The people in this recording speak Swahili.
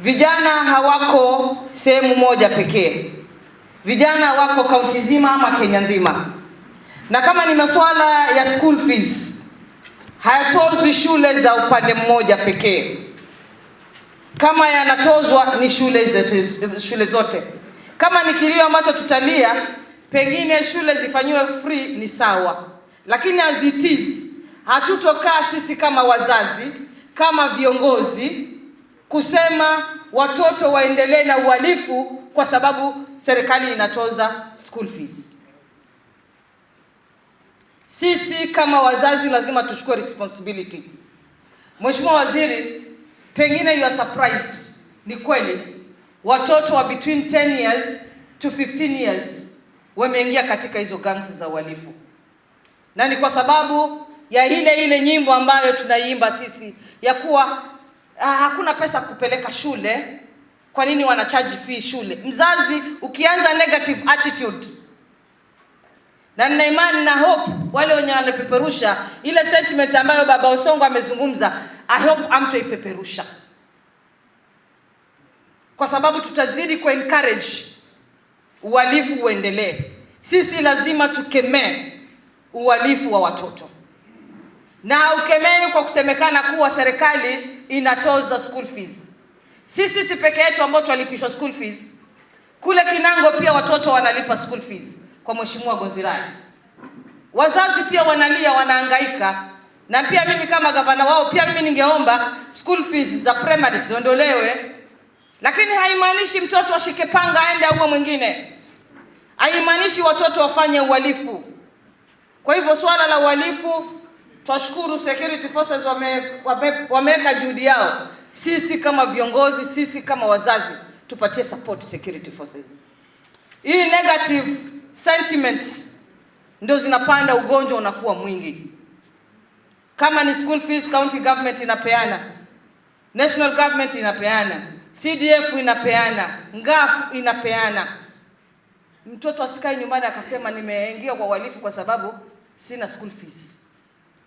Vijana hawako sehemu moja pekee, vijana wako kaunti nzima ama Kenya nzima. Na kama ni masuala ya school fees, hayatozwi shule za upande mmoja pekee, kama yanatozwa ni shule zote, shule zote. Kama ni kilio ambacho tutalia, pengine shule zifanyiwe free ni sawa, lakini as it is, hatutokaa sisi kama wazazi, kama viongozi kusema watoto waendelee na uhalifu kwa sababu serikali inatoza school fees. Sisi kama wazazi lazima tuchukue responsibility. Mheshimiwa Waziri, pengine you are surprised. Ni kweli watoto wa between 10 years to 15 years wameingia katika hizo gangs za uhalifu, na ni kwa sababu ya ile ile nyimbo ambayo tunaiimba sisi ya kuwa ah, hakuna pesa kupeleka shule, kwa nini wanachaji fee shule? Mzazi ukianza negative attitude, na nina imani na hope wale wenye wanapeperusha ile sentiment ambayo baba Osongo amezungumza, I hope amtaipeperusha kwa sababu tutazidi ku encourage uhalifu uendelee. Sisi lazima tukemee uhalifu wa watoto na ukemeni kwa kusemekana kuwa serikali inatoza school fees. Sisi si peke yetu ambao twalipishwa school fees, kule Kinango pia watoto wanalipa school fees kwa mheshimiwa gonzirai Wazazi pia wanalia, wanahangaika na pia mimi kama gavana wao pia mimi ningeomba school fees za primary ziondolewe, lakini haimaanishi mtoto ashike panga aende aue mwingine, haimaanishi watoto wafanye uhalifu. Kwa hivyo swala la uhalifu Twashukuru security forces wameweka wame, wameweka juhudi yao. Sisi kama viongozi, sisi kama wazazi tupatie support security forces. Hii negative sentiments ndio zinapanda, ugonjwa unakuwa mwingi. Kama ni school fees, county government inapeana, national government inapeana, CDF inapeana, ngaf inapeana. Mtoto asikae nyumbani akasema nimeingia kwa uhalifu kwa sababu sina school fees.